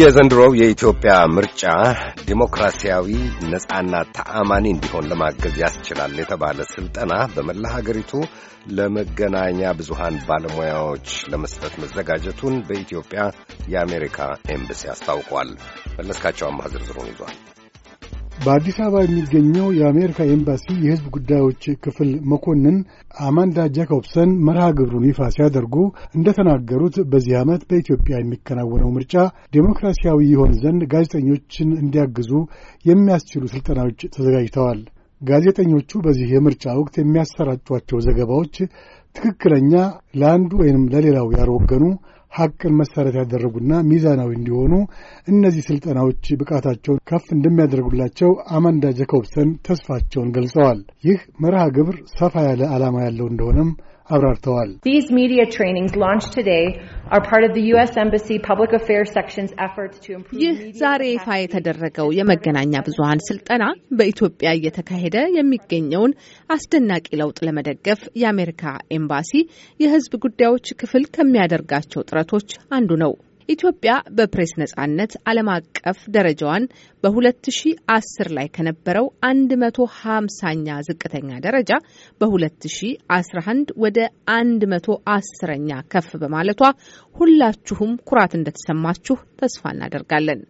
የዘንድሮው የኢትዮጵያ ምርጫ ዲሞክራሲያዊ ነፃና ተአማኒ እንዲሆን ለማገዝ ያስችላል የተባለ ስልጠና በመላ ሀገሪቱ ለመገናኛ ብዙሃን ባለሙያዎች ለመስጠት መዘጋጀቱን በኢትዮጵያ የአሜሪካ ኤምባሲ አስታውቋል። መለስካቸው አማህ ዝርዝሩን ይዟል። በአዲስ አበባ የሚገኘው የአሜሪካ ኤምባሲ የሕዝብ ጉዳዮች ክፍል መኮንን አማንዳ ጃኮብሰን መርሃ ግብሩን ይፋ ሲያደርጉ እንደተናገሩት በዚህ ዓመት በኢትዮጵያ የሚከናወነው ምርጫ ዴሞክራሲያዊ ይሆን ዘንድ ጋዜጠኞችን እንዲያግዙ የሚያስችሉ ሥልጠናዎች ተዘጋጅተዋል። ጋዜጠኞቹ በዚህ የምርጫ ወቅት የሚያሰራጯቸው ዘገባዎች ትክክለኛ፣ ለአንዱ ወይንም ለሌላው ያልወገኑ ሐቅን መሠረት ያደረጉና ሚዛናዊ እንዲሆኑ እነዚህ ሥልጠናዎች ብቃታቸውን ከፍ እንደሚያደርጉላቸው አማንዳ ጀኮብሰን ተስፋቸውን ገልጸዋል። ይህ መርሃ ግብር ሰፋ ያለ ዓላማ ያለው እንደሆነም አብራርተዋል። ይህ ዛሬ ይፋ የተደረገው የመገናኛ ብዙሃን ስልጠና በኢትዮጵያ እየተካሄደ የሚገኘውን አስደናቂ ለውጥ ለመደገፍ የአሜሪካ ኤምባሲ የሕዝብ ጉዳዮች ክፍል ከሚያደርጋቸው ጥረቶች አንዱ ነው። ኢትዮጵያ በፕሬስ ነጻነት ዓለም አቀፍ ደረጃዋን በ2010 ላይ ከነበረው 150ኛ ዝቅተኛ ደረጃ በ2011 ወደ 110ኛ ከፍ በማለቷ ሁላችሁም ኩራት እንደተሰማችሁ ተስፋ እናደርጋለን።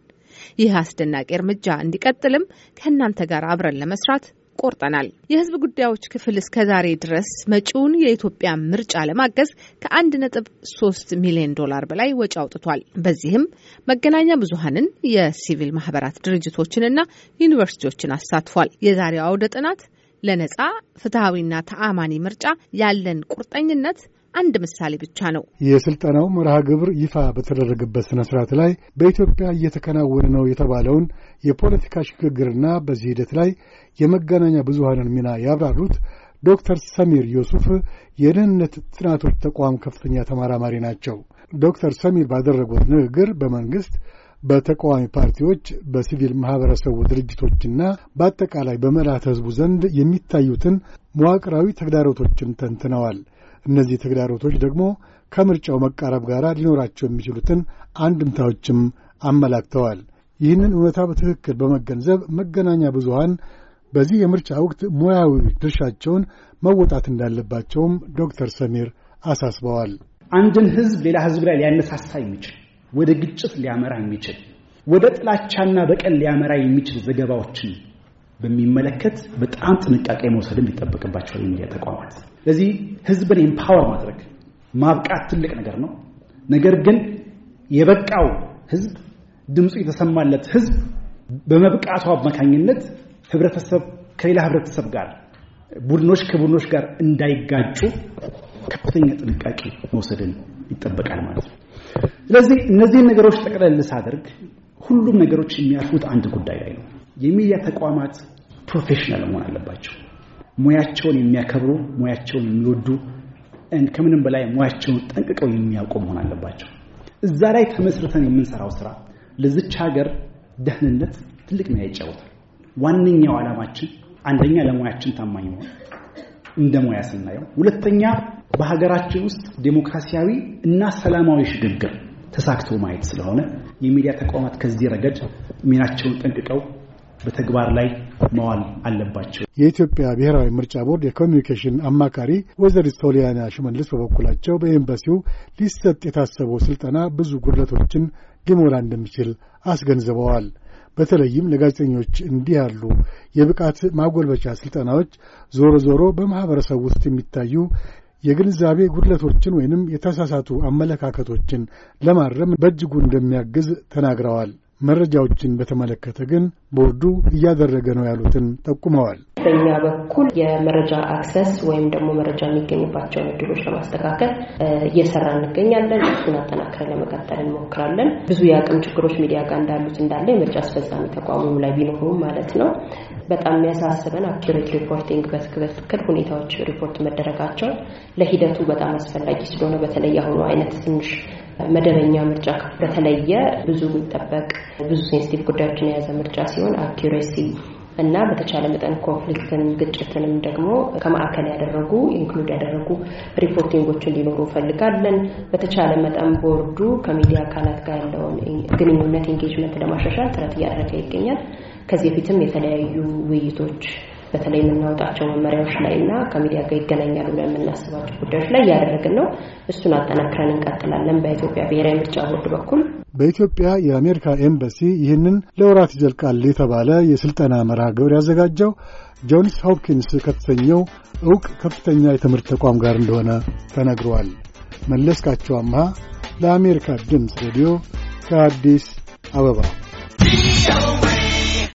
ይህ አስደናቂ እርምጃ እንዲቀጥልም ከእናንተ ጋር አብረን ለመስራት ቆርጠናል። የህዝብ ጉዳዮች ክፍል እስከ ዛሬ ድረስ መጪውን የኢትዮጵያ ምርጫ ለማገዝ ከ1.3 ሚሊዮን ዶላር በላይ ወጪ አውጥቷል። በዚህም መገናኛ ብዙሀንን፣ የሲቪል ማህበራት ድርጅቶችንና ዩኒቨርሲቲዎችን አሳትፏል። የዛሬው አውደ ጥናት ለነጻ ፍትሐዊና ተአማኒ ምርጫ ያለን ቁርጠኝነት አንድ ምሳሌ ብቻ ነው። የስልጠናው መርሃ ግብር ይፋ በተደረገበት ስነ ስርዓት ላይ በኢትዮጵያ እየተከናወነ ነው የተባለውን የፖለቲካ ሽግግርና በዚህ ሂደት ላይ የመገናኛ ብዙሀንን ሚና ያብራሩት ዶክተር ሰሚር ዮሱፍ የደህንነት ጥናቶች ተቋም ከፍተኛ ተመራማሪ ናቸው። ዶክተር ሰሚር ባደረጉት ንግግር በመንግስት በተቃዋሚ ፓርቲዎች፣ በሲቪል ማኅበረሰቡ ድርጅቶችና በአጠቃላይ በመላት ህዝቡ ዘንድ የሚታዩትን መዋቅራዊ ተግዳሮቶችን ተንትነዋል። እነዚህ ተግዳሮቶች ደግሞ ከምርጫው መቃረብ ጋር ሊኖራቸው የሚችሉትን አንድምታዎችም አመላክተዋል። ይህንን እውነታ በትክክል በመገንዘብ መገናኛ ብዙሃን በዚህ የምርጫ ወቅት ሙያዊ ድርሻቸውን መወጣት እንዳለባቸውም ዶክተር ሰሚር አሳስበዋል። አንድን ሕዝብ ሌላ ሕዝብ ላይ ሊያነሳሳ የሚችል ወደ ግጭት ሊያመራ የሚችል ወደ ጥላቻና በቀል ሊያመራ የሚችል ዘገባዎችን በሚመለከት በጣም ጥንቃቄ መውሰድም ይጠበቅባቸዋል የሚዲያ ተቋማት ስለዚህ ህዝብን ኤምፓወር ማድረግ ማብቃት ትልቅ ነገር ነው። ነገር ግን የበቃው ህዝብ ድምፁ የተሰማለት ህዝብ በመብቃቱ አማካኝነት ህብረተሰብ ከሌላ ህብረተሰብ ጋር ቡድኖች ከቡድኖች ጋር እንዳይጋጩ ከፍተኛ ጥንቃቄ መውሰድን ይጠበቃል ማለት ነው። ስለዚህ እነዚህን ነገሮች ጠቅለል ሳደርግ ሁሉም ነገሮች የሚያርፉት አንድ ጉዳይ ላይ ነው። የሚዲያ ተቋማት ፕሮፌሽናል መሆን አለባቸው። ሙያቸውን የሚያከብሩ ሙያቸውን የሚወዱ ከምንም በላይ ሙያቸውን ጠንቅቀው የሚያውቁ መሆን አለባቸው። እዛ ላይ ተመስርተን የምንሰራው ስራ ለዚች ሀገር ደህንነት ትልቅ ሚና ይጫወታል። ዋነኛው ዓላማችን አንደኛ ለሙያችን ታማኝ መሆን እንደ ሙያ ስናየው፣ ሁለተኛ በሀገራችን ውስጥ ዴሞክራሲያዊ እና ሰላማዊ ሽግግር ተሳክቶ ማየት ስለሆነ የሚዲያ ተቋማት ከዚህ ረገድ ሚናቸውን ጠንቅቀው በተግባር ላይ መዋል አለባቸው። የኢትዮጵያ ብሔራዊ ምርጫ ቦርድ የኮሚኒኬሽን አማካሪ ወይዘሪት ሶሊያና ሽመልስ በበኩላቸው በኤምባሲው ሊሰጥ የታሰበው ስልጠና ብዙ ጉድለቶችን ሊሞላ እንደሚችል አስገንዝበዋል። በተለይም ለጋዜጠኞች እንዲህ ያሉ የብቃት ማጎልበቻ ስልጠናዎች ዞሮ ዞሮ በማኅበረሰብ ውስጥ የሚታዩ የግንዛቤ ጉድለቶችን ወይንም የተሳሳቱ አመለካከቶችን ለማረም በእጅጉ እንደሚያግዝ ተናግረዋል። መረጃዎችን በተመለከተ ግን ቦርዱ እያደረገ ነው ያሉትን ጠቁመዋል። በእኛ በኩል የመረጃ አክሰስ ወይም ደግሞ መረጃ የሚገኝባቸውን እድሎች ለማስተካከል እየሰራ እንገኛለን። እሱን አጠናክረን ለመቀጠል እንሞክራለን። ብዙ የአቅም ችግሮች ሚዲያ ጋር እንዳሉት እንዳለ የምርጫ አስፈጻሚ ተቋሙ ላይ ቢኖሩም ማለት ነው። በጣም የሚያሳስበን አኪሬት ሪፖርቲንግ በትክክል ሁኔታዎች ሪፖርት መደረጋቸው ለሂደቱ በጣም አስፈላጊ ስለሆነ በተለይ አሁኑ አይነት ትንሽ መደበኛ ምርጫ በተለየ ብዙ የሚጠበቅ ብዙ ሴንሲቲቭ ጉዳዮችን የያዘ ምርጫ ሲሆን አኪሬሲ እና በተቻለ መጠን ኮንፍሊክትን ግጭትንም ደግሞ ከማዕከል ያደረጉ ኢንክሉድ ያደረጉ ሪፖርቲንጎች እንዲኖሩ ፈልጋለን። በተቻለ መጠን ቦርዱ ከሚዲያ አካላት ጋር ያለውን ግንኙነት ኢንጌጅመንት ለማሻሻል ጥረት እያደረገ ይገኛል። ከዚህ በፊትም የተለያዩ ውይይቶች በተለይ የምናወጣቸው መመሪያዎች ላይ እና ከሚዲያ ጋር ይገናኛሉ ብለን የምናስባቸው ጉዳዮች ላይ እያደረግን ነው። እሱን አጠናክረን እንቀጥላለን። በኢትዮጵያ ብሔራዊ ምርጫ ቦርድ በኩል በኢትዮጵያ የአሜሪካ ኤምባሲ ይህንን ለወራት ይዘልቃል የተባለ የስልጠና መርሃ ግብር ያዘጋጀው ጆንስ ሆፕኪንስ ከተሰኘው እውቅ ከፍተኛ የትምህርት ተቋም ጋር እንደሆነ ተነግሯል። መለስካቸው አምሃ ለአሜሪካ ድምፅ ሬዲዮ ከአዲስ አበባ